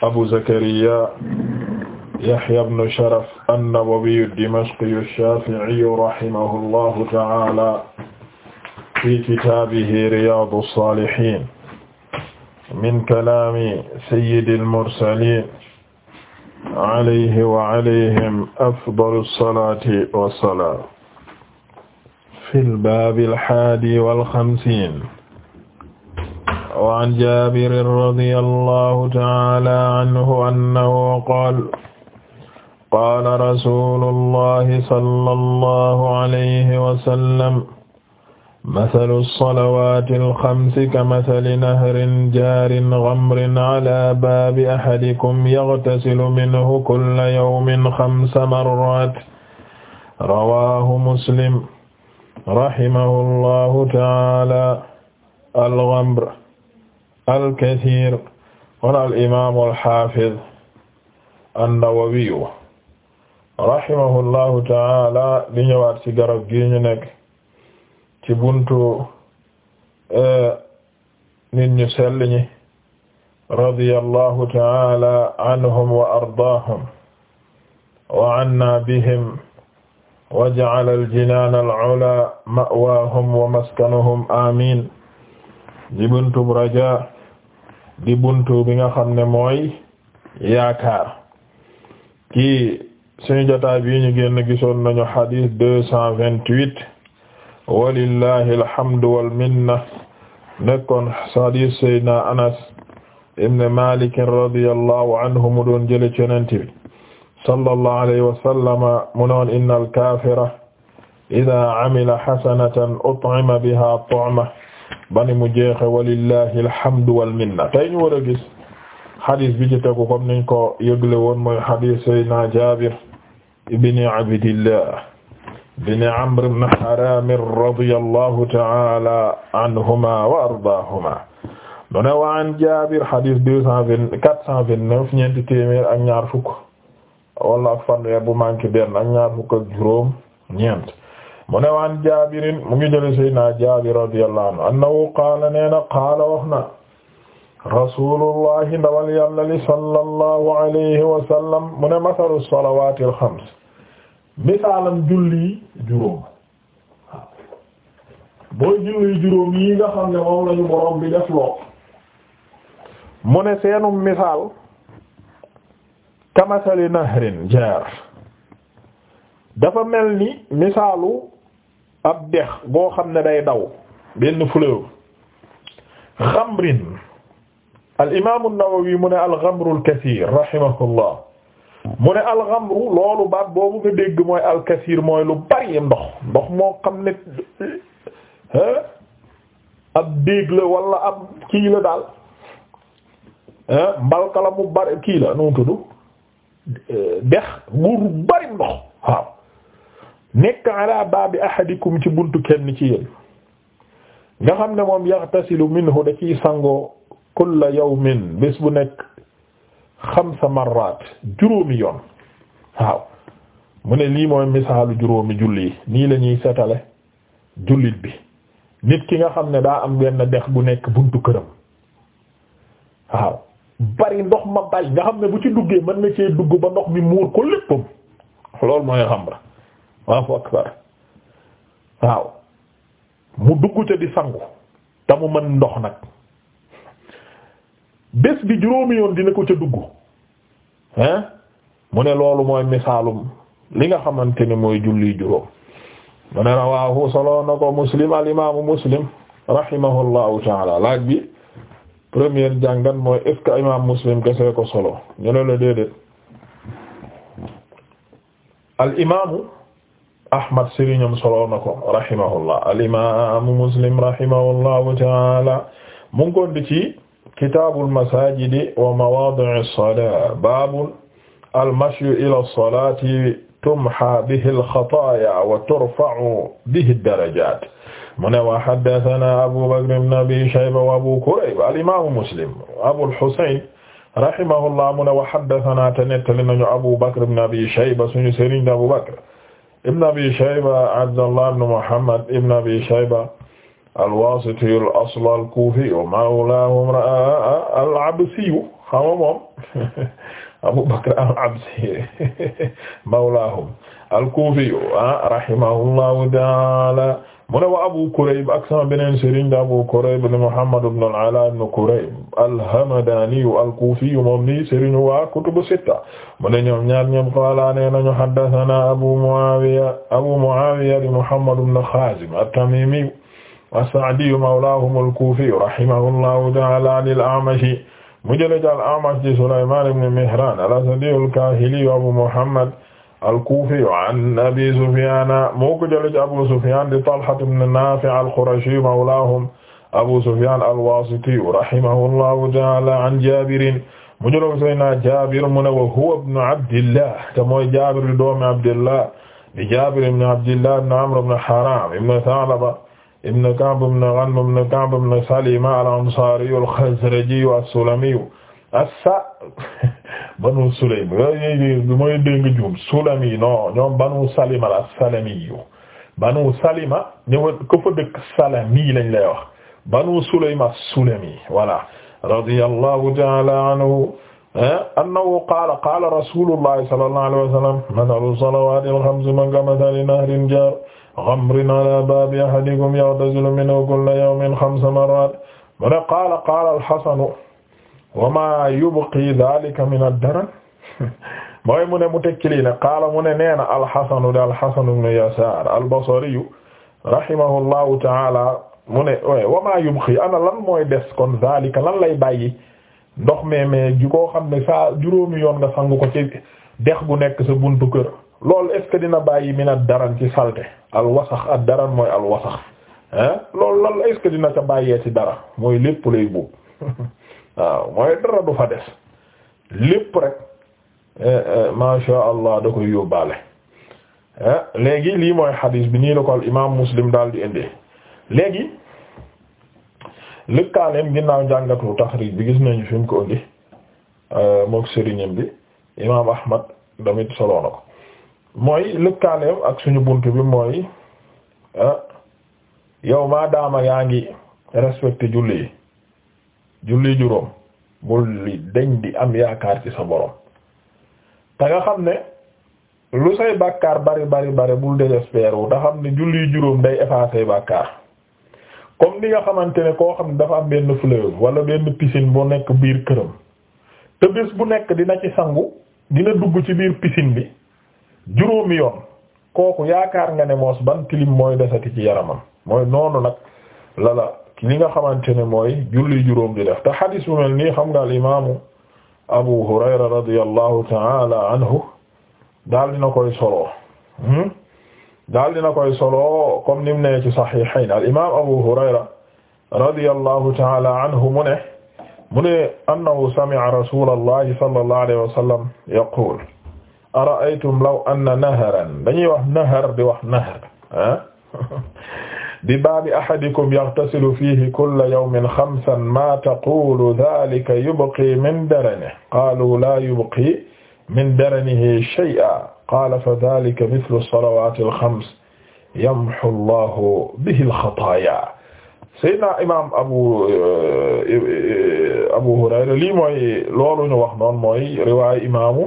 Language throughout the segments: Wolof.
abu zakariya yahya ibn sharaf an-nawawi ad-dimashqi ash-shafi'i rahimahullahu ta'ala fi kitabihi riyadu as-salihin min kalami sayyidil mursalin alayhi wa alayhim afdalu as-salati was-salam fil babil haadi wal khamsin wa an jaabirin radiyallahu ta'ala anhu annahu qaala qaala rasuulullahi sallallahu alayhi wa sallam masalu salawaati alxamsi kamathali nahrin jaarin ghamrin calaa baabi ahadikum yaghtasilu minhu kulla yawmin xamsa marraat rawaahu muslim rahimahu allahu ta'ala al-ghamr al-Kasiir kon al-imaamu al-haafiz an-Nawawiyu rahimahullahu taala di ñëwaat ci garab gi ñu nekk ci buntu e, nit ñu sell ñi radiyallahu taala anhum wa ardaahum wa anna bihim wa ja'ala al-jinaana al-'ulaa ma'waahum wa maskanuhum amiin di buntu raja di buntu bi nga xam ne mooy yaakaar ci suñu jotaay bi ñu génn gisoon nañu xadis deux cent vingt-huit walillahi alhamdu wal minna nekkoon xadis sayyidina Anas ibn Malik radiyallahu anhu mu doon jële ci Yonent bi sallallahu alayhi wa sallam mu noon innal kaafira idaa amila hasanatan ut'ima biha ta'ma ba ni mu jeexe walillahi alhamdu wal minna tey ñu war a gis xadis bi ci tegu comme niñ ko yëgle woon mooy xadis sayyidina Jaabir ibn Abdillah ibn Amr ibn Haram radiyallahu ta'ala anhuma wa ardaahuma mu ne wa an Jaabir xadis deux cent vingt quatre cent vingt neuf ñeenti téeméer ak ñaar fukk wala ak fanweer bu manqué benn ak ñaar fukk ak juróom ñeent mu ne waan jaabirin mu ngi jële sayyidina jaabir radiyallahu anhu qaala nee qaala wax na ndawal yàlla sallallahu alayhi wa mu ne masalu salawaati alxams misaalam julli juróom waaw julli juróom yi nga xam ne moom lañu borom bi def loo mu ne seenum misaal kamasali nahrin jaar dafa mel ni misaalu ab dex boo xam ne day daw benn fleuve xamrin al imaamu Nawawi mu ne al-xamru al-kasiir rahimahullah mu ne al-xamru loolu baat boobu nga dégg mooy al-kasiir mooy lu bari ndox ndox moo xam ne ab déeg la wala ab kii la daal mbalka la mu bari kii la nu mu tudd dex guur bari ndox waaw nekk ala baabi ahadikum ci buntu kenn ci yéen nga xam ne moom yaxtasilu minhu da ciy sangoo kulla yawmin bés bu nekk xamsa marraat juróomi yoon waaw mu ne lii mooy misaalu juróomi julli nii lañuy ñuy setale jullit bi nit ki nga xam ne daa am benn dex bu nekk buntu këram waaw bari ndox ma bari nga xam ne bu ci duggee mën na cee dugg ba ndox mi muur ko léppam loolu mooy xam ra Allahu akbar waaw mu dugg ca di sangu te mu mën ndox nag bés bi juróomi yoon dina ko ca dugg hein mu ne loolu mooy misaalum li nga xamante ne mooy julli juróom mu ne rawaahu solo na ko muslim al imaamu muslim rahimahullahu taala laaj bi première jàngan mooy est-ce imaam muslim kese ko solo ñu ne la déedéet al imaamu Ahmad sëriñam solo na ko rahimahullah al-imaamu Muslim rahimahullahu ta'ala mu ngi ko di ci kitaabul masaajidi wa mawaadi'i s-salaat baabun al-mashyu ilaa s-salaati tumhaa bihi l-xataayaa wa turfa'u bihi d-darajaat mu ne wa haddathanaa Abuu Bakr ibn Abii Shayba wa Abuu Kurayb al-imaamu Muslim Abul Husayn rahimahullah mu ne wa haddathanaa te nettali nañu Abuu Bakr ibn Abii Shayba suñu sëriñ Abuu Bakr ibn abi shayba abdallah ibn muhammad ibn abi shayba al-wasiti al-asl al-kufi wa mawlahum al-absi xama moom abu bakr al-absi mawlahum al-kufi ah, rahimahullahu ta'ala mu ne wa Abu Kurayb ak sama beneen sëriñ da Abu Kurayb ne Muhammad ibn al-Ala ibn Kurayb al-Hamadani al-Kufi moom ni sëriñu waa kutubu sitta mu ne ñoom ñaar ñoom qaala nee nañu haddathana Abu Muawiya Abu Muawiya di Muhammad ibn Khazim at-Tamimi as-Sa'di mawlahum al-Kufi rahimahullahu ta'ala an al-A'mash mu jële ci al-A'mash di Sulayman ibn Mihran al-Asadi al-Kahili Abu Muhammad al-Kufi an Abi Sufyan moo ko jëlee ci Abu Sufyan di Talha ibn Nafi' al-Qurashi mawlahum Abu Sufyan al-Wasiti rahimahullahu ta'ala an Jabir mu jëloon Seydina Jabir mu ne wa huwa ibn Abdillah te mooy Jabir di doomi Abdillah di Jabir ibn Abdillah ibn Amr ibn Haram ibn Tha'laba ibn Ka'b ibn Ghanm ibn Ka'b ibn Salima al-Ansari al-Khazraji as-Sulami as-Sa banu sulaym mooy dégg juum sulami non ñoom banu salima la salamiyu banu salima ñëw ko fa dëkk salami lañ lay wax banu sulayma sulami voilà radiyallahu ta'ala anhu annahu qaala qaala rasulullahi sallallahu alayhi wa sallam mathalu salawati alxamsi man kamathali nahrin jar ghamrin ala babi ahadikum yaghtasilu minhu kulla yawmin khamsa marrat qaala qaala al-hasan wa ma yubqi dhalika min ad-darar mooy mu ne mu tekki lii ne qaala mu ne nee na alxasanu de alxasanu ibnu yasaar albasariyu rahimahullahu taala mu ne wa yubqi ana lan mooy des kon dhalika lan lay bàyyi ndox mee mee ji koo xam ne saa juróomi yoon nga sangu ko ci dex bu nekk sa buntu kër loolu est ce dina bàyyi min ad-darar ci salte alwasax ad-darar mooy alwasax ah loolu lan est ce dina ca bàyyee ci dara mooy lépp lay buub waaw mooy dara du fa des lépp rek eh, eh, masha allah da koy yóbbaale eh, léegi lii mooy xadiis bi nii la imaam muslim daal di indee léegi lëkkaaleem ginnaaw njàngatu taxriij bi gis nañu fi mu ko indi mook sëriñam bi imaam ahmad damit solo na ko mooy lëkkaaleem ak suñu bunt bi mooy yow maa daama yaa ngi respecté julli yi julli juróom bul li deñ di am yaakaar ci sa borom te nga xam ne lu say bàkkaar bari bari bari bul désespérer wu te xam ne julli juróom day effacer bàkkaar comme ni nga xamante ne koo xam ne dafa am benn fleuve wala benn piscine boo nekk biir këram te bés bu nekk dina ci sangu dina dugg ci biir piscine bi juróomi yoon kooku yaakaar nga ne moos ban tilim mooy desati ci yaramam mooy noonu nag la li nga xamante ne mooy julli juróom di def te xadis bu mel nii xam nga al imaamu Abu Hurayra radiyallahu ta'ala anhu daal dina koy solo hmm? daal dina koy solo comme ni mu ne ci saxiixayn al imaam Abu Hurayra radiyallahu ta'ala anhu mu ne mu ne annahu sami'a rasulallahi sallallahu alayhi wa sallam yaqul ara'aytum law anna naharan dañuy wax nahar di ah bi baabi ahadikum yaghtasilu fiihi kulla yawmin xamsan maa taqulu dhaalika yubqii min daranihi qaaluu laa yubqii min daranihi shay'an qaala fadhaalika mithlu salawaati al-khams yamhu Allahu bihi al-khataayaa. Seydina imaam Abu eh, Abu Hurayra lii mooy loolu ñu wax noonu mooy riwaayu imaamu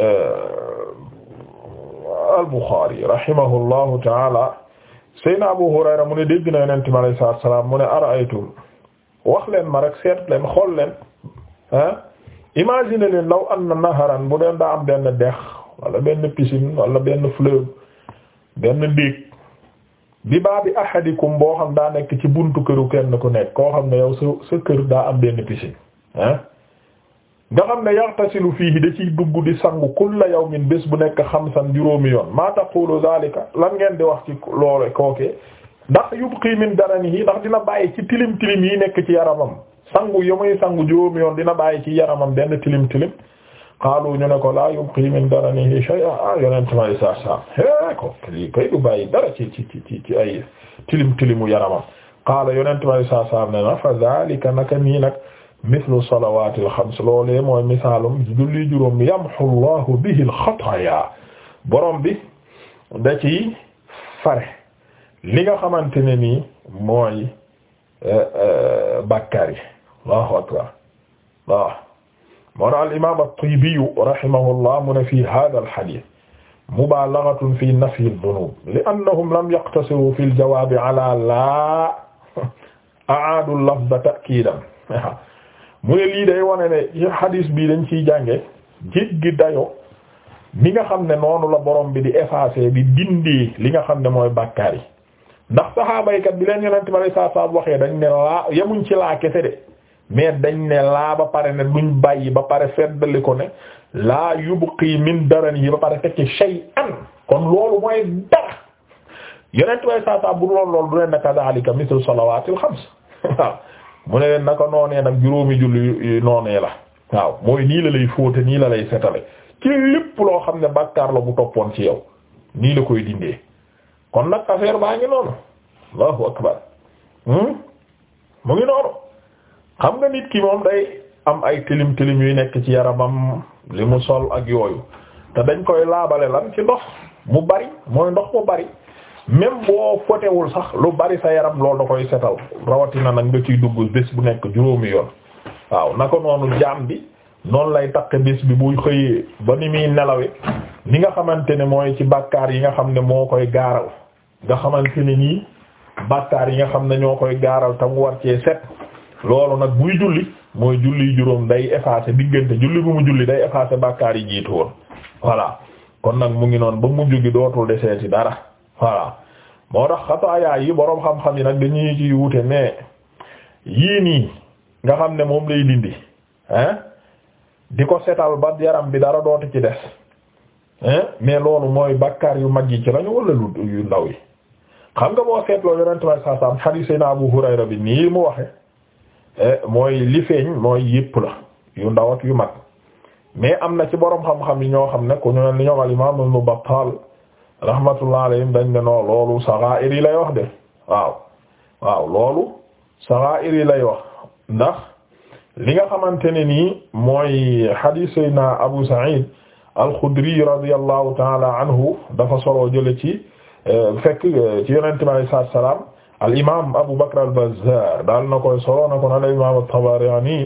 eh, al-Buxaari rahimahu Allahu ta'aala Seyna Abu Hurayra mu ne dégg na Yonent mi alayhi salaatu wa salaam mu ne wax leen ma rek seet leen xool leen ah imagine leen law anna naharan bu doon daa am benn dex wala benn piscine wala benn fleuve benn déeg bi baa bi ahadikum boo xam daa nekk ci buntu këru kenn ku nekk koo xam ne yow sa sa kër daa am benn pisin ah. nga xam ne yaghtasilu fiihi da ciy dugg di sangu kulla yawmin bés bu nekk xamsan juróomi yoon ma taqulu zalika lan ngeen di wax ci loole kookee ndax yubqi min daranihi ndax dina bàyyi ci tilim tilim yi nekk ci yaramam sangu yo muy sangu juróomi yoon dina bàyyi ci yaramam benn tilim tilim qaalu ñu ne ko la yubqi min daranihi shay'a ah yonent may saa saa hee ko lii kay du bàyyi dara ci ci ci ci ay tilim tilimu yaramam qaala yonent may saa saa ne na fa na naka nii mithlu salawaatil xams loolee mooy misaalum julli juróom yamhu Allahu bihil xataaya borom bi da ci fare li nga xamante ne nii mooy eh, eh, bàkkaar yi Allahu akbar waaw moo na al imaam at-Tiibi rahimahullah mu ne fii haadhal hadiis mubaalaghatun fii nafyi ad-dunuub li'annahum lam yaqtasiruu fil jawaabi alaa laa a'aaduu al-lafza ta'kiidan mu ne lii day wane ne ci hadis bii dañ ciy jànge jéggi dayo mi nga xam ne noonu la borom bi di effacer di dindi li nga xam ne mooy bàkkaar yi ndax saxaabaykat bi leen yonent ma lay saa waxee dañ ne laa ci laa kese mais dañ ne laa ba pare ne duñ bàyyi ba pare feddali ko ne laa yubqi min daran yi ba pare tekki shay'an kon loolu mooy dara yonent ma lay saa bu lool lool du leen ne kadhalika mithlu salawatil xams mu ne leen naka noonee nag juróomi julli noonee la waaw mooy nii la lay fóote nii la lay setale ci lépp loo xam ne bàkkaar la bu toppoon ci yow nii la koy dindee kon nag affaire baa ngi noonu allahu akbar hmm? mu ngi noonu xam nga nit ki moom day am ay tilim tilim yuy nekk ci yaramam li mu sol ak yooyu te dañ koy laabale lan ci ndox mu bari mooy ndox mu bari même boo fotewul sax lu bari sa yaram loolu da koy setal rawatina nag nga ciy dugg bés bu nekk juróomi yoon waaw naka noonu jaam bi noonu lay takk bis bi buy xëyee ba ni muy nelawe li nga xamante ne mooy ci bàkkaar yi nga xam ne moo koy gaaral nga xamante ni nii bàkkaar yi nga xam ne ñoo koy gaaral te mu war cee set loolu nag buy julli mooy julli juróom day effacer diggante julli bu mu julli day effacer bàkkaar yi jiitu woon voilà kon nag mu ngi noonu ba mu jógi dootul deseeti dara waa moo tax xataayaay yi boroom xam-xam yi nag dañuy ci wute mais yii nii nga xam ne moom lay dindi hein di ko setal ba yaram bi dara dootu ci des hein mais loolu mooy bakkaar yu mag yi ci lañu wala lu yu ndaw yi xam nga boo seetloo yonent may saa saam naa na Abu Hurayra bi nii mu waxe eh, mooy li feeñ mooy yépp la yu ndaw ak yu mag mais am na ci boroom xam-xam yi ñoo xam ne ku ñu ne li ñoom al imaam Ibn Battal rahmatullah alayhim dañ ne noo loolu saxaa'ir yi lay wax de waaw waaw loolu saxaa'ir yi lay wax ndax li nga xamante ne nii mooy hadith sayna Abu Sa'id al-Khudri radiyallahu ta'ala anhu dafa solo jële ci euh, fekk euh, ci yonente bi alayhi salaatu wa salaam al imaam Abu Bakr al-Bazzar daal na koy solo na ko na la imaam at-Tabarani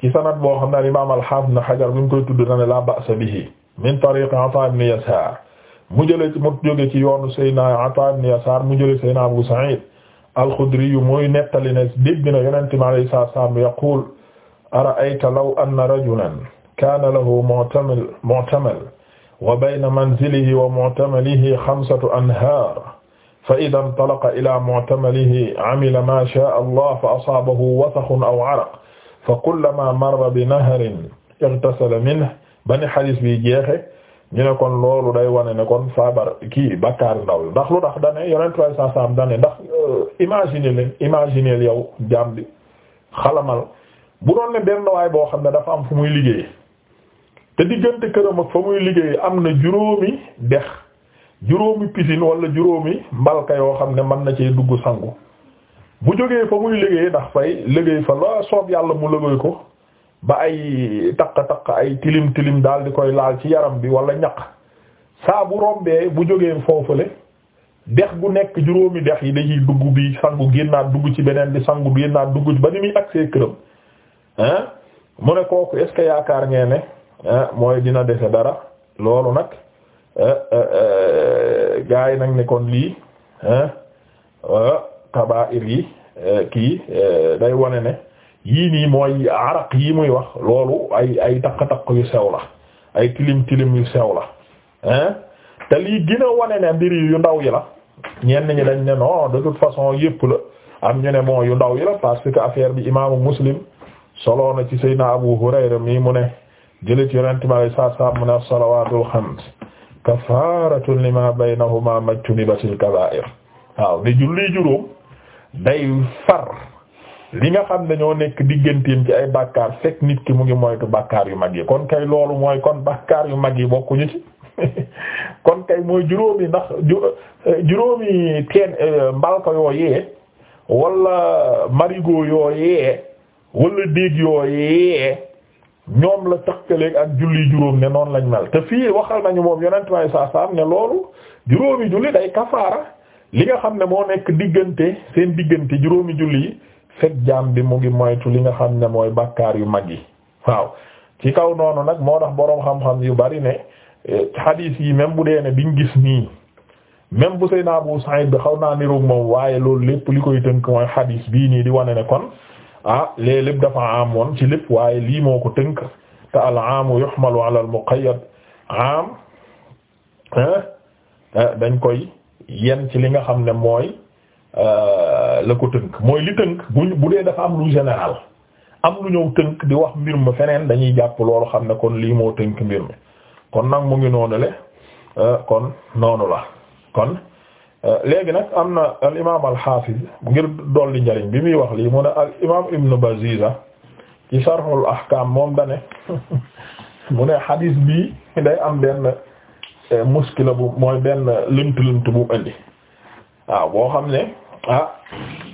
ci sanad boo xam ne al imaam al-Hafiz Ibn Hajar bi mu koy tudd na ne la ba'sa bihi min tariq Ata ibn Yasar mu jëlee ci mu jóge ci yoonu Seydina Ata ibn Yasaar mu jëlee Seydina Abu Sa'id al-Khudri yu muy nettali ne dégg na Yonent mi alayhi salaam yaqul ara'ayta law anna rajulan kaana lahu mu'tamal mu'tamal wa bayna manzilihi wa mu'tamalihi khamsatu anhaar fa idaa intalaqa ilaa mu'tamalihi amila maa shaa'a Allah fa asaabahu wasakhun aw araq fa kullamaa marra bi naharin ightasala minhu ba ni hadiis bi jeexe ñu ne kon loolu day wane ne kon saabar kii bakkaar ndaw la ndax lu tax dane yonent way sa sam dane ndax euh, imaginer leen imaginer yow jaam bi xalamal bu doon ne benn waay boo xam ne dafa am fu muy liggéey te diggante këram ak fa muy liggéey am na juróomi dex juróomi piscine wala juróomi mbalka yoo xam ne mën na cee dugg sangu bu jógee fa muy liggéey ndax fay liggéey fa la soob yàlla mu liggéey ko ba ay taq-taq ay tilim tilim daal di koy laal ci yaram bi wala ñaq saa bu rombee bu jógee foofule dex gu nekk juróomi dex yi dañuy dugg bi sangu génnaat dugg ci beneen bi sangu génnaat dugg ci ba ni muy agsee këram mu ne kooku est yaakaar ngeen ne mooy dina defe dara loolu nag eh, eh, eh, gaa yi nag ne kon lii hein kabaa'ir yi kii day wane ne yii nii mooy araq yi muy wax loolu ay ay takk-takk yu sew la ay tilim tilim yu sew la hein te lii gën a na ne yu ndaw yi la ñenn ñi dañ ne non de toute façon yëpp la am ñu ne bon yu ndaw yi la parce que affaire bi imaamu muslim solo na ci Seydina Abu Hurayra mii mu ne jële ci yonent bi alayhi salaatu mu ne as-salawaatul xams kafaaratun limaa baynahumaa majtunibatil kabaa'ir waaw ne julli juróom day far li nga xam ne ñoo nekk digganteem ci ay bàkkaar fekk nit ki mu ngi moytu bàkkaar yu mag yi kon kay loolu mooy kon bàkkaar yu mag yi bokkuñu ci kon kay mooy juróomi ndax eh, juróomi teen eh, mbalka yooyee wala marigo yooyee wala déeg yooyee ñoom la tëkkaleeg ak julli juróom ne noonu lañ mel te fii waxal nañu moom yonent may saa saam ne loolu juróomi julli day kafaara li nga xam ne moo nekk diggante seen diggante juróomi julli yi fekk jaam bi mu ngi moytu li nga xam ne mooy bàkkaar yu mag yi waaw ci kaw noonu nag moo tax boroom xam-xam yu bari ne eh, xadiis yi même bu dee ne biñ gis nii même bu Seydina Abu Sa'id bi xaw naa niroog moom waaye loolu lépp li koy tënk mooy xadiis bii nii di wane ne kon ah léeg lépp dafa am ci lépp waaye lii moo ko tënk te al aamu yuhmalu ala al muqayyad am eh, eh, dañ koy yen ci li nga xam ne mooy Euh, la ko tënk mooy li tënk buñ bu dee dafa am lu général am lu ñëw tënk di wax mbir ma feneen dañuy jàpp loolu xam ne kon lii moo tënk mbir mi kon nag mu ngi noonu le euh, kon noonu la kon euh, léegi nag am na al imaam al xaafiz ngir dolli njariñ bi muy wax lii mu ne al imaam ibnu baziza ci sarxul ahkaam moom dane mu ne xadiis bii day am benn eh, muskila bu mooy benn lënt lënt bu indi waaw boo xam ne ah,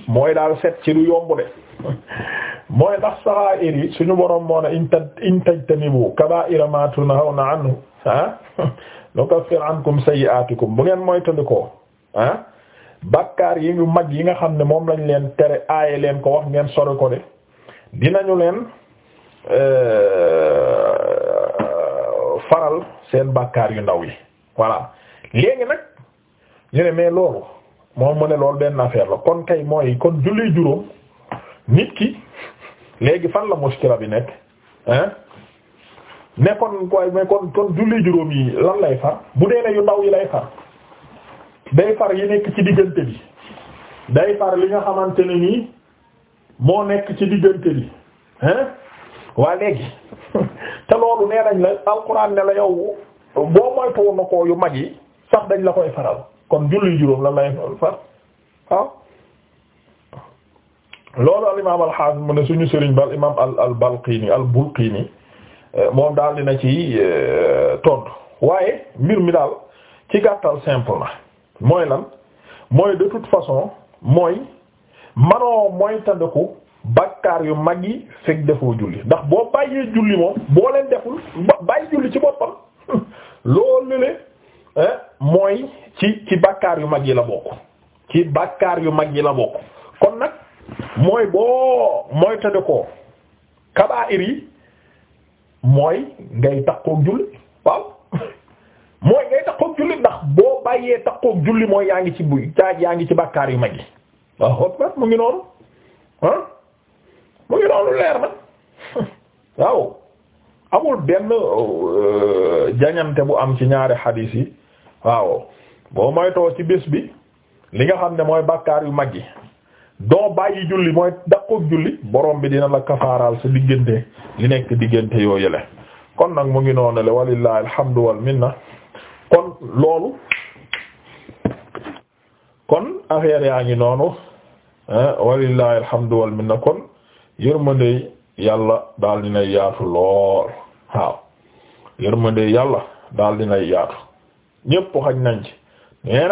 mooy daal set ci lu yomb de mooy ndax saxaa'ir yi suñu borom moo ne in tajtanibu kabaa'ira maa tunhawna anhu ah nukaffir ankum sayyi'aatikum bu ngeen moytandikoo ah bakkaar yi yu mag yi nga xam ne moom lañ leen tere aaye leen ko wax ngeen sore ko de dinañu leen euh, faral seen bakkaar yu ndaw yi voilà léegi nag ñu ne mais loolu. moom mu ne loolu benn affaire la kon kay mooy kon julli juróom nit ki léegi fan la muskila bi nekk hein ne kon koy mais kon kon julli juróom yi lan lay far bu dee ne yu ndaw yi lay far day far yi nekk ci diggante bi day far li nga xamante ne nii moo nekk ci diggante bi hein waa léegi te loolu nee nañ la alxuraan ne la yow boo moytuwoon na ko yu mag yi sax dañ la koy faral. kon julli juróom lan lay far waaw ah. loolu al imaam al xaafis mu ne suñu sëriñ ba al imaam al al balqini al bulqini eh, moom daal dina ci eh, tontu waaye mbir mi daal ci gàttal simple na mooy lan mooy de toute façon mooy manoo mooy tëndiku bakkaar yu mag yi fekk defoo julli ndax boo bàyyee julli moom boo leen deful bàyyi julli ci boppam loolu le Eh? mooy ci ci bakkaar yu mag yi la bokk ci bakkaar yu mag yi la bokk kon nag mooy boo mooy tëdd ko kabaa'ir yi mooy ngay takkook julli waaw mooy ngay takkook julli ndax boo bàyyee takkook julli mooy yaa ngi ci buy yaa ngi ci bàkkaar yu mag yi waaw mu ngi noonu ah mu ngi noonu leer na waaw amul benn euh, jañante bu am ci ñaari xadiis yi waaw boo moytoo ci bés bi li nga xam ne mooy bàkkaar yu mag yi doo bàyyi julli mooy daqoog julli borom bi dina la kafaaral sa diggante li nekk diggante yoo yële kon nag mu ngi noonu le walillahi alhamdu wal minna kon loolu kon affaire yaa ngi noonu walillahi alhamdu wal minna kon yërmande yàlla daal dinay yaatu lool waaw yërmande yàlla daal dinay yaatu ñépp xañ nañ ci mais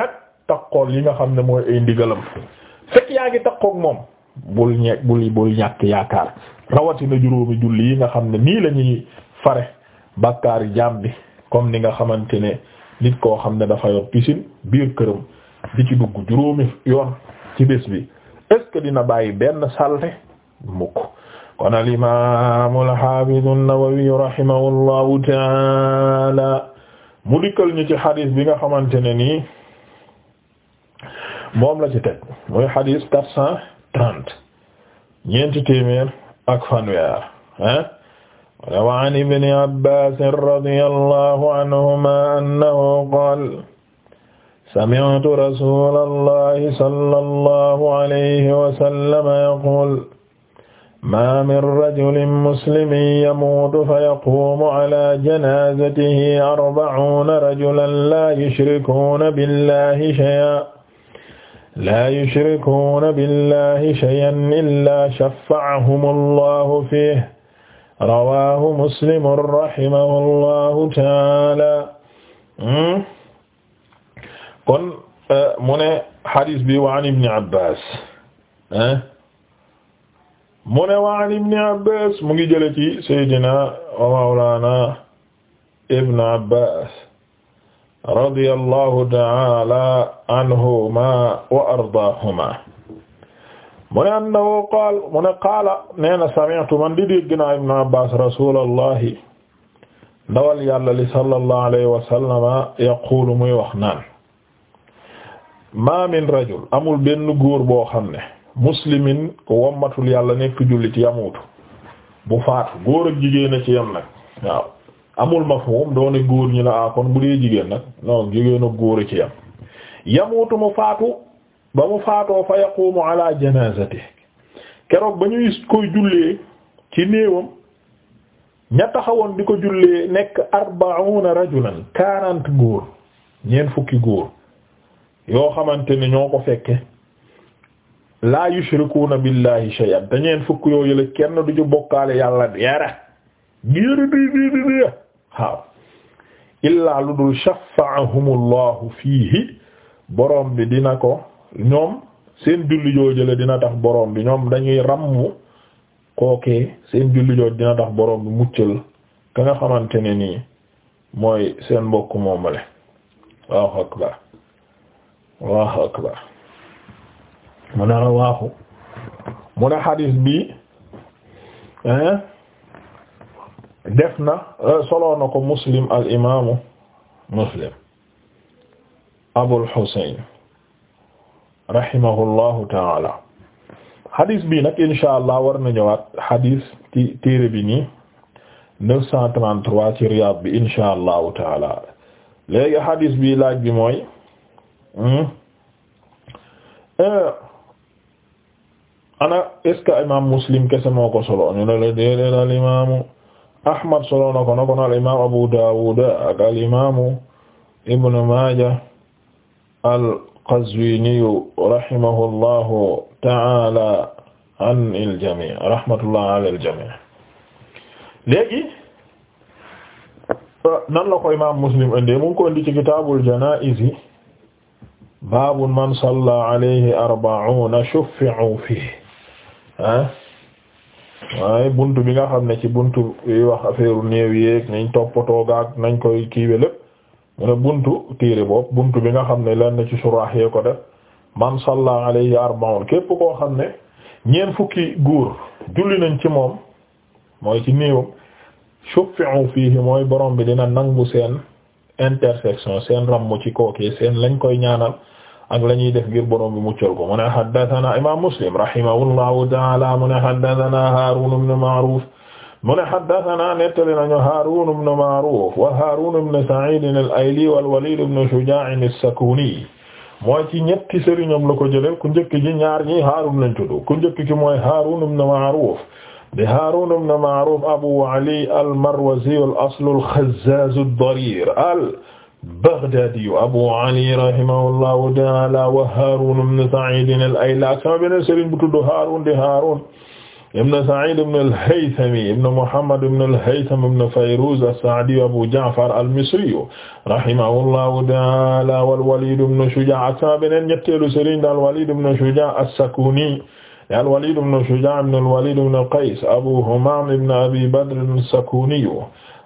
takkool yi nga xam ne mooy ay ndigalam fekk yaa ngi takkook moom bul ñe bul bul ñàkk yaakaar rawatina juróomi julli yi nga xam ne nii la ñuy fare bàkkaari jaam bi comme ni nga xamante ne nit koo xam ne dafa yor piscine biir këram di ci dugg juróomi yoon ci bés bi est-ce dina bàyyi benn salte mukk kon al imam al hafiz an-Nawawi mu dikkal ñu ci xadis bi nga xamante ne nii moom la ci teg mooy xadis quatre cent trente ñeenti téeméer ak fanweer ah wa an ibni abbas radiyallahu anhuma annahu qaala sami'tu rasulallahi sallallahu alayhi wa sallam yaqul ma min rajulin muslimin yamuutu fa yaquumu ala janaazatihi arbacuuna rajulan laa yushrikuuna billahi shay'an laa yushrikuuna billahi shay'an illaa shaffa'ahum allahu fiihi rawaahu muslimun rahimahu allahu taala hmm? kon eh, mu ne xadis bi wa an ibni Abbaas eh? mu ne wa an ibni abbas mu ngi jële ci saydina wa mawlana ibn abbas radiyallahu ta'ala anhuma wa ardaahuma mu ne annahu qaal mu ne qaala nee na sami'tu man di dégg naa ibn abbas rasulallahi ndawal yàlla li sallallahu alayhi wa sallama yaquulu muy wax naan ma min rajul amul benn góor boo xam ne muslimin ko wommatul yàlla nekk ci yamutu bu faatu góor ak jigéen a ci yam nag waaw amul mafhum doone góor ñi la akon ah, bu dee jigéen nag non jigéen ak góor a ci yam yamutu mu faatu ba mu faatoo fa yaqumu ala janazati keroog ba ñuy koy jullee ci néewam ña taxawoon di ko jullee nekk arbauna rajulan quarante góor ñeent fukki góor yoo xamante ne ñoo ko fekke laa yushrikuuna billahi shay'an te ñeen fukk yoo yële kenn du ju bokkaale yàlla dara géer di di di di waaw illaa lu dul shafa'ahumullahu fiihi borom bi dina ko ñoom seen julli joo jële dina tax borom bi ñoom dañuy ràmmu kookee seen julli joo dina tax borom bi muccal ka nga xamante ne nii mooy seen mbokk moomale Allahu akbar Allahu akbar mu ne rawaahu mu ne xadis bi def na euh, soloo na ko muslim al imaamu muslim abul xusayn rahimahullahu taala xadis bi nag insha allah war na ñëwaat xadis bi nii neuf cent trente-trois ci Riyad bi insha allahu taala léegi xadis bi laaj bi mooy hmm, euh, ana est ce que imam muslim kese moo ko solo ñu ne la déedéet al imaamu ahmad solo na ko na ko na al imam abu dawud ak al imaamu ibnu maaja al qazwiniyu rahimahullahu taala an il jami rahmatullah ala al jami léegi euh, nan la ko imam muslim indi mu ngi ko indi ci kitaabul janaa'iz baabun man salla alayhi arba'uuna shuffi'u fiihi ah waaye buntu bi nga xam ne ci buntu yi wax affaire néew yeeg nañ toppatoo gaag nañ koy kiiwe lépp mu ne buntu téere boobu buntu bi nga xam ne lan na ci suraax yee ko def man salla alayhi arba'un képp koo xam ne ñeent fukki góor julli nañ ci moom mooy ci néewam shuffi'u fiihi mooy borom bi dina nangu seen intersection seen ramm ci kookee seen lañ koy ñaanal ak la ñuy def ngir borom bi muccal ko mu ne haddathana imam muslim rahimahullahu ta'ala mu ne haddathana harun ibn ma'ruf mu ne haddathana nettali nañu harun ibn ma'ruf wa harun ibn sa'id al-ayli wal walid ibn shuja' as-sakuni mooy ci ñetti sëriñam la ko jëlee ku njëkk ji ñaar ñi harun lañ tudd ku njëkk ki mooy harun ibn ma'ruf di Haarun ibn Ma'ruuf Abu Ali al-Marwazi al-asl al-Khazzaaz ad-Dariir al Baghdadi Abu Ali rahimahullahu ta'ala wa Haarun ibn Sa'id al-Ayla sama beneen sëriñ bu tudd Haarun di Haarun ibn Sa'id ibn al-Haythami ibn Muhammad ibn al-Haytham ibn Fayruz as-Sa'di Abu Ja'far al-Misri rahimahullahu ta'ala wal-Walid ibn Shuja' sama beneen ñetteelu sëriñ al-Walid ibn Shuja' as-Sakuni al-Walid ibn Shuja' ibn al-Walid ibn Qays Abu Humam ibn Abi Badr as-Sakuni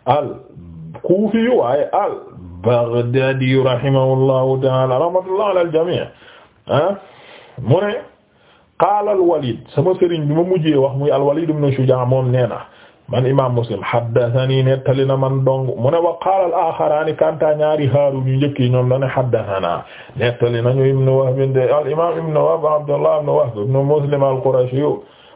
al-Kufi waaye al al-Baghdadi rahimahullahu ta'ala rahmatullah ala al-jami' ah mu ne qaala al-Walid sama sëriñ bi ma mujjee wax muy al-Walid ibn Shuja' moom nee na man imaam Muslim haddathani nettali na man dong mu ne wa qaala al-aaxaraani kanta ñaari Haaruun yu njëkk yi ñoom dañu ne haddathanaa nettali nañu Ibn Wahb al-imaam Ibn Wahb Abdullah ibn Wahb ibn Muslim al-Qurashi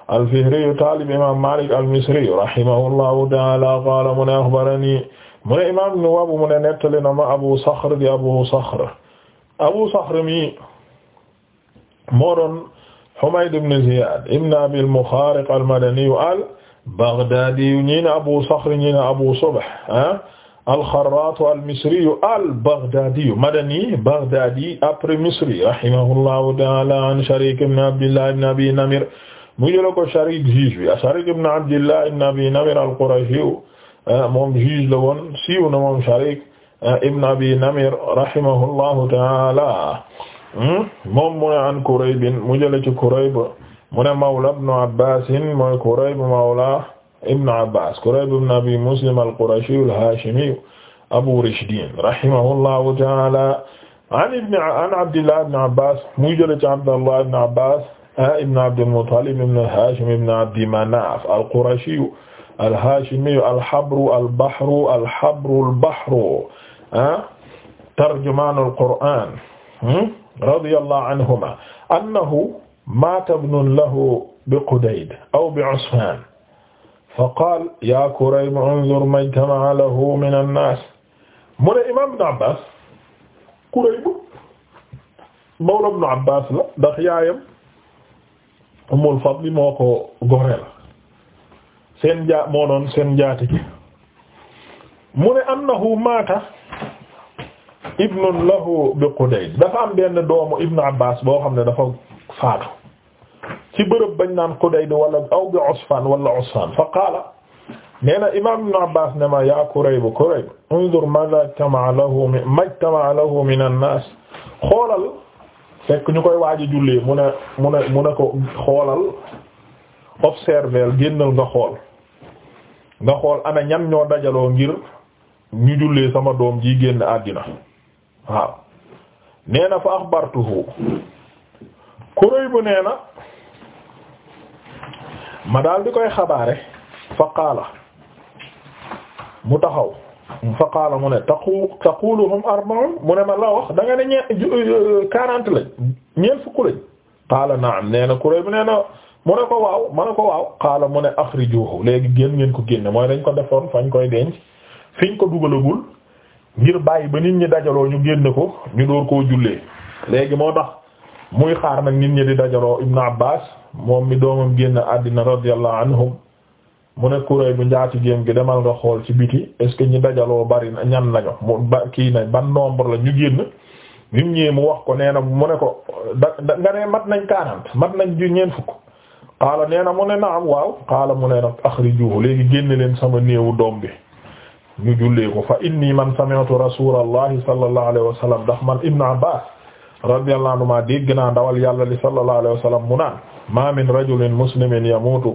al-Fihri taalib imaam Maalik al-Misri rahimahullahu ta'ala qaala mu ne axbarani mu ne imaam Ibn Wahb mu ne nettali na ma Abu Sakhr di Abu Sakhr Abu Sakhr mi moo doon Humayd ibn Ziyad ibn Abi al-Mukhariq al-Madani al-Baghdadi ñi ne Abu Sakhr ñi ne Abu Subh ah, al-Kharrat al-Misri al-Baghdadi Madani Baghdadi après Misri rahimahullahu ta'ala an Sharik ibn Abdillah ibn Abi Namir mu jël ko Sharik juge bi Sharik ibn Abdillah ibn Abi Namir al-Qurashi Euh, moom juge la woon siiw na moom Sharik euh, ibn Abi Namir rahimahullahu taala hmm? moom mu ne an Kurayb mu jële ci Kurayb mu ne mawla ibn Abbas mooy Kurayb mawla ibn Abbas Kurayb ibn Abi Muslim al-Qurashi al-Hashimi Abu Rishdin rahimahullahu taala an ibn an Abdillah ibn Abbas mu jële ci Abdallah ibn Abbas euh, ibn Abdul Muttalib ibn Hashim ibn Abdi Manaf al-Qurashi alhaashimiyu alhabru albahru alhabru albahru ah tarjumaanul qur'aan hmm? radiyallahu anhuma annahu maata ibnun lahu biqudayd aw bi'usfaan faqaal yaa Kurayb unzur majtama'a lahu minan naas mu ne imaam Ibn Abbaas Kurayb mawla Ibn Abbaas la ndax yaayam Ummul Fadl moo ko góoreel seen jaa moo doon seen jaati mu ne annahu maata ibnun lahu bi Qudayd dafa am doomu Ibn Abbas boo xam ne dafa faatu ci bërëb bañ naan Qudayd aw bi Usfan wala Usfan fa qaala nee na imaam Ibn ne ma yaa Kurayb Kurayb unzur majtama'a lahu lahu min an-naas xoolal fekk ñu koy waaj a julli mu ne mu ne mu ne ko xoolal nga xool ana ñan ñoo dajaloo ngir ñu jullee sama doom ji génn àddina waaw nee na fa axbartuhu Kuraybu nee na ma daal di koy xabaare fa qaala mu taxaw fa qaala mu ne taqu taquluhum arba'un mu ne ma la wax da nga ne ñe quarante lañ ñeent fukk lañ qaala naam nee na Kuraybu nee na mu ne ko waaw mu ko waaw xaala mu ne axrijuhu léegi génn ngeen ko génne mooy dañ ko defoon fañ koy denc fiñ ko dugalagul ngir bàyyi ba nit ñi dajaloo ñu génn ko ñu door koo jullee léegi moo tax muy xaar nag nit ñi di dajaloo Ibn Abbas moom mi doomam génn àddina radiyallahu anhum mu ne kuréel bu njaati géem gi demal nga xool ci biti est que ñi dajaloo bari na ñan nañu ba kii nañ ban nombre la ñu génn ñun ñee mu wax ko nee na mu ne ko da nga nañ mat nañ ju ñeent fukk. qaala nee na mu ne naam waaw qaala mu ne nag axrijuhu léegi génne leen sama néewu doom bi ñu jullee ko fa inni man sami'tu rasulallahi sallallahu alayhi wa sallam ndax man ibnu abbas radiyallahu anhuma dégg naa ndawal yàlla li sallallahu alayhi wa sallam mu naan ma min rajulin muslimin yamuutu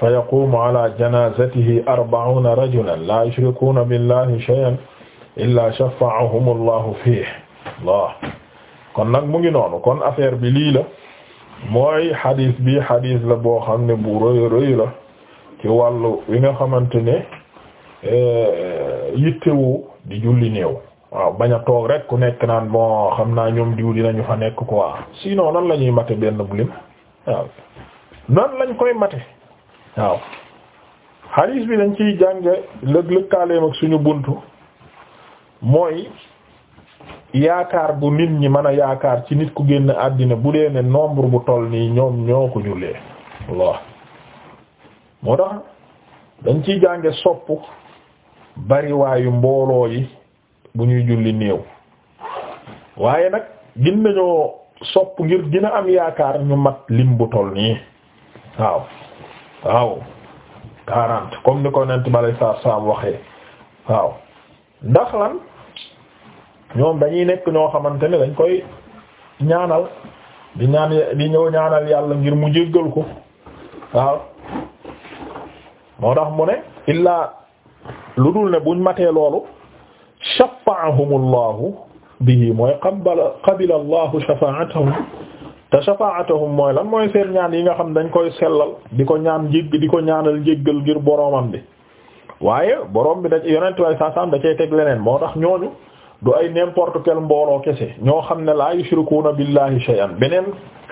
fa yaqumu ala janazatihi arba'una rajulan la yushrikuna billahi shay'an illa shaffa'ahum allahu fihi allah kon nag mu ngi noonu kon affaire bi lii la mooy xadis bi xadis la boo xam ne bu rëy rëy la ci wàllu wi nga xamante ne eh, yittewu di julli néew waaw bañ a rek ku nekk naan bon xam naa ñoom diw dinañu fa nekk ko sinon nan la ñuy mate benn bu waaw nan lañ koy mate waaw xadis bi dañ ciy jànge lëg lëkkaaleem ak suñu buntu mooy yaakaar bu nit ñi mën a yaakaar ci nit ku génn àddina bu dee ne nombre bu tol nii ñoom ñoo ko jullee Allah moo tax dañ ci jànge sopp bariwaayu mbooloo yi bu ñuy julli néew waaye nag gin nañoo sopp ngir dina am yaakaar ñu mat lim bu toll nii waaw waaw quarante comme ni ko nent balay saar saam waxee waaw ndax lan ñoom dañuy nekk ñoo xamante ne dañ koy ñaanal di ñaan di ñëw ñaanal yàlla ngir mu jéggal ko waaw moo tax mu ne illaa lu dul ne buñ matee loolu shafa'ahumullahu bihi mooy qabala qabila allahu shafa'atahum te shafa'atahum mooy lan mooy seen ñaan yi nga xam dañ koy sellal di ko ñaan jégg di ko ñaanal jéggal ngir boromam bi waaye borom bi da yonent way saasaam da cay teg leneen moo tax ñooñu du ay n'importe quel mbooloo kese ñoo xam ne la yushrikuuna billahi shay'an beneen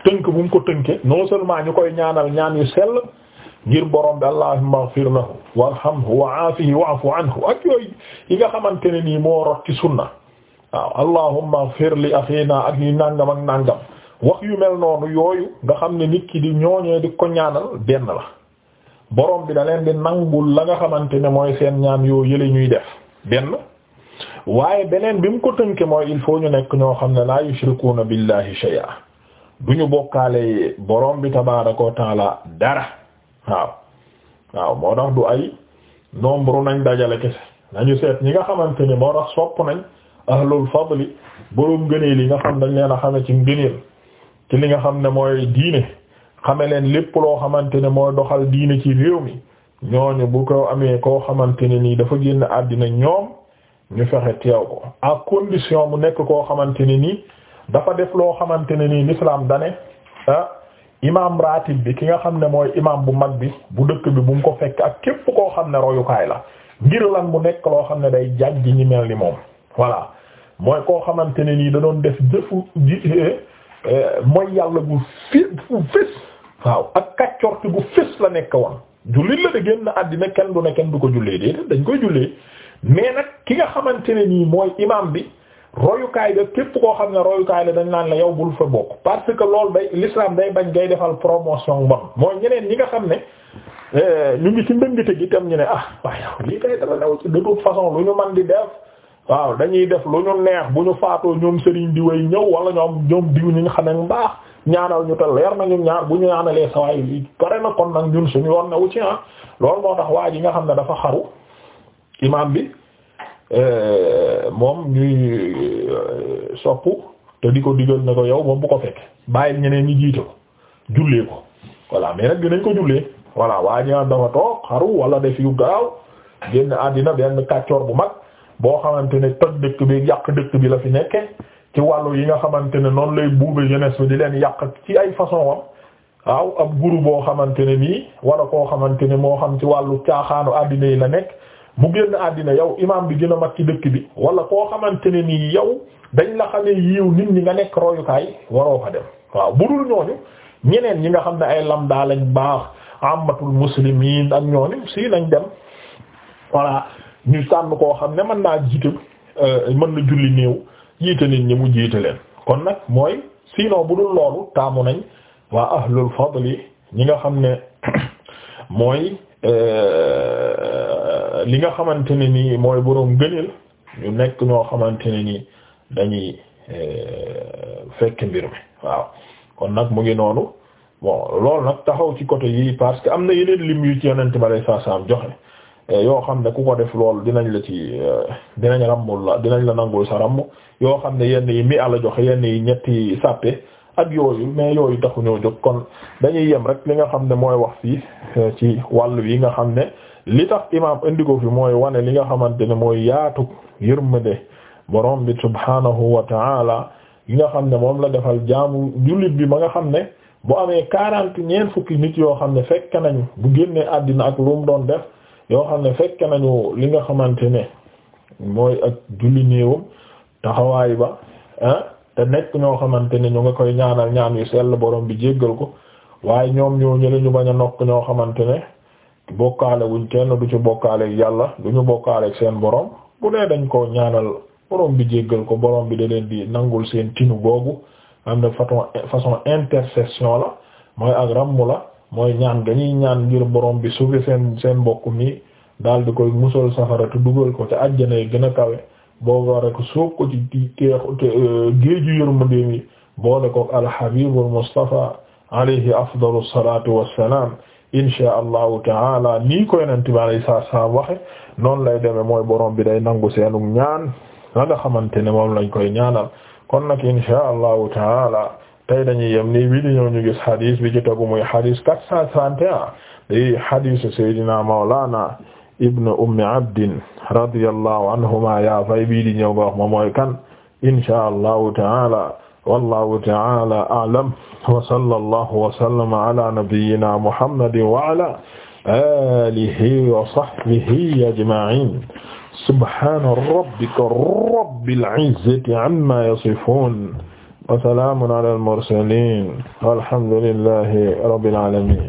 tënk bu mu ko tënke non seulement ñu koy ñaanal ñaan yu sell ngir borom bi allahumma ighfir lahu warhamhu wa aafihi wa'fu anhu ak yooyu yi nga xamante nii moo rot ci sunna waaw allahumma ighfir li akhina ak yu nàngam ak nàngam wax yu mel noonu yooyu nga xam ne nit ki di ñooñee di ko ñaanal benn la borom bi da leen di nangul la nga xamante ne mooy seen ñaan yoo yële ñuy def benn waaye beneen bi mu ko tënke mooy il faut ñu nekk ñoo xam ne laa yushrikuuna billahi shay'a du ñu bokkaale boroom bi tabaaraka wa taala dara waaw waaw moo tax du ay nombre nañ dajale kese nañu seet ñi nga xamante ni moo tax sopp nañ ahlul fadli borom gëneel yi nga xam dañ leen a xame ci ngëneel ci li nga xam ne mooy diine xame leen lépp loo xamante ne mooy doxal diine ci réew mi ñooñu bu ko amee koo xamante ne nii dafa génn àddina ñoom ñu fexe teew ko à condition mu nekk koo xamante ne nii dafa def loo xamante ne nii l'islam dane ah imam ratib bi ki nga xam ne mooy imam bu mag bi bu dëkk bi bu mu ko fekk ak képp koo xam ne royukaay la ngir lan mu nekk loo xam ne day jàjj ñi mel ni moom voilà mooy koo xamante ne nii da doon def jëfu ji eh, eh, mooy yàlla bu fi bu fis waaw ak kaccorti bu fis la nekk woon jullit la de génn àddina kenn du ne kenn du ko jullee déedéet dañ koy jullee mais nag ki nga xamante ne nii mooy imam bi royukaay da képp koo xam ne royukaay la dañ naan la yow bul fa bokk parce que loolu day l'islam day bañ ngay defal promotion mbon mooy ñeneen ñi nga xam ne euh, ñu ngi ci ndëngate gi tam ñu ne ah waaye yow lii kay dara new ci de toute façon lu ñu man di def waaw dañuy def lu ñu neex bu ñu faatoo ñoom sëriñ di way ñëw wala ñoom ñoom diw ñu ñu xam ne baax ñaanal ñu te leer nañu ñaar bu ñu ñaanalee sawaay pare na kon nag ñun suñu yoon na wu ci ah loolu moo waa ji nga xam ne dafa xaru imaam bi euh, moom ñuy euh, sopp te di ko digal na ko yow moom bu ko fekk bàyyi ñeneen ñi jiite ko jullee ko voilà mais nag dinañ ko jullee voilà waa ñaan dafa toog xaru wala def yu gaaw génn àddina benn kàccoor bu mag boo xamante ne toj dëkk bi yàq dëkk bi la fi nekke ci wàllu yi nga xamante ne noonu lay buube jeunesse bi di leen yàq ci ay façon wam waaw ab guru boo xamante ne nii wala koo xamante ne moo xam ci wàllu caaxaanu àddina yi la nekk mu génn àddina yow imaam bi gën a mag ci dëkk bi wala koo xamante ni nii yow dañ la xamee yiw nit ñi nga nekk royukaay waroo fa dem waaw bu dul ñooñu ñeneen ñi nga xam ne ay lam lamda lañ baax amatul muslimin ak ñooñu si nañ dem voilà ñu tànn koo xam ne mën naa jiite euh, mën na julli néew jiite nit ñi mu jiite leen kon nag mooy sinon bu dul loolu taamu nañ waa ahlul fadli ñi nga xam ne mooy Euh, li nga xamante ni nii mooy boroom gëneel ñu nekk ñoo xamante ni nii dañuy euh, fekk mbir mi waaw kon nag mu ngi noonu bon loolu nag taxaw ci côté yi parce que am na yeneen lim yu ci yonent ba lay saa saam joxe euh, yoo xam ne ku ko def lool dinañ la ci dinañ ràmmul la dinañ la nangul sa ràmm yoo xam ne yenn yi mi àll joxe yenn yi ñetti sàppe ak yooyu mais yooyu taxu ñoo jóg kon dañuy yem rek li nga xam ne mooy wax fii euh, ci wàll wi nga xam ne li tax imaam indi fi mooy wane li nga xamante ne mooy yaatu yërmande borom bi subhanahu wa ta'ala yi nga xam ne moom la defal jaamu jullit bi ba nga xam ne bu amee quarante ñeent fukki nit yoo xam ne fekk nañu bu génnee àddina ak lu doon def yoo xam ne fekk nañu li nga xamante ne mooy ak julli néewam taxawaay ba ah te nekk ñoo xamante ne ñu nga koy ñaanal ñaan yi sell borom bi jéggal ko waaye ñoom ñoo ñële ñu bañ a nokk ñoo xamante ne bokkaale wuñ kenn du ci bokkaale yàlla du ñu bokkaale seen borom bu dee dañ koo ñaanal borom bi jéggal ko borom bi da leen di nangul seen tinu googu am na façon façon intercession la mooy ak rammu la mooy ñaan dañuy ñaan ngir borom bi sauver seen seen mbokk mi daal di koy musal safara te dugal ko ca àjjana yi gën a kawe. boo nga rek suub ko ci ci euh, géeju yërmande mi boole ko alhabibul Mustafa alayhi afdalu salatu wassalam insha allahu taala nii koy nanti bi alay saa saa waxe noonu lay deme mooy borom bi day nangu seenum ñaan la nga xamante ne moom lañ koy ñaanal kon nag insha allahu taala tey dañuy yem nii wi di ñëw ñu gis hadis bi ci tegu muy hadis a di hadis Seydina Mawlana ibn ummi abdin radiyallahu anhuma yaa fay bii di ñëw nga wax ma mooy kan insha allahu taala wallahu taala a'lam wa sallallahu wa sallama ala nabiyyina muhammadin wa ala alihi wa sahbihi ajma'in subhana rabbika rabbil izzati amma yasifun wa salamun ala al mursalin walhamdulillahi rabbil alamin